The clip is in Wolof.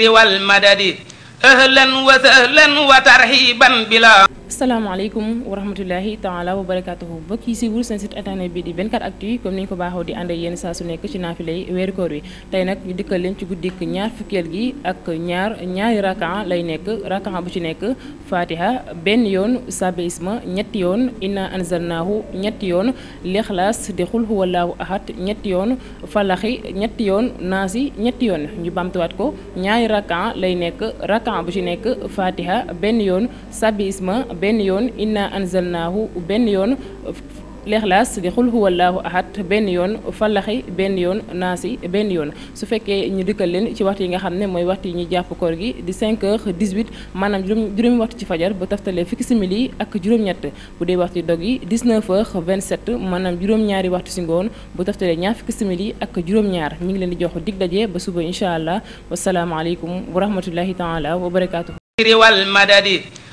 wal madadi ahlan wa sahlan wa tarhiban bila salaamaaleykum wa rahmatullahi taala wa barakaatuhu mbokk yi siiwul seen site internet bi di 24 actu yi comme ni ñu ko baaxoo di ànd ak yéen saa su nekk ci naafilay weeru koor wi tey nag ñu dikkal leen ci guddik ñaar fukkeel gi ak ñaar ñaari rakan lay nekk rakan bu ci nekk fatiha benn yoon sabe ñetti yoon inna anzalnaahu ñetti yoon lixlaas di xul huwallaahu ahad ñetti yoon falaxi ñetti yoon naasi ñetti yoon ñu bamtuwaat ko ñaari rakan lay nekk rakan bu ci nekk fatiha benn yoon sabe benn yoon inna anzalnaahu benn yoon leexlaas gi xul huwallaahu ahad benn yoon fallaxi benn yoon naasi benn yoon su fekkee ñu dikkal leen ci waxtu yi nga xam ne mooy waxtu yi ñuy jàpp koor gi di 5 heures 18 maanaam juróom juróomi waxtu ci fajar bu taftalee fukki simili ak juróom-ñett bu dee waxtu dog yi 19 heures 27 maanaam juróom-ñaari waxtu si ngoon bu taftalee ñaar fukki simili ak juróom-ñaar ñu ngi leen di jox dig daje ba suba incha allah wasalaamaaleykum wa rahmatullahi taala wa barakaatu. riwal madadi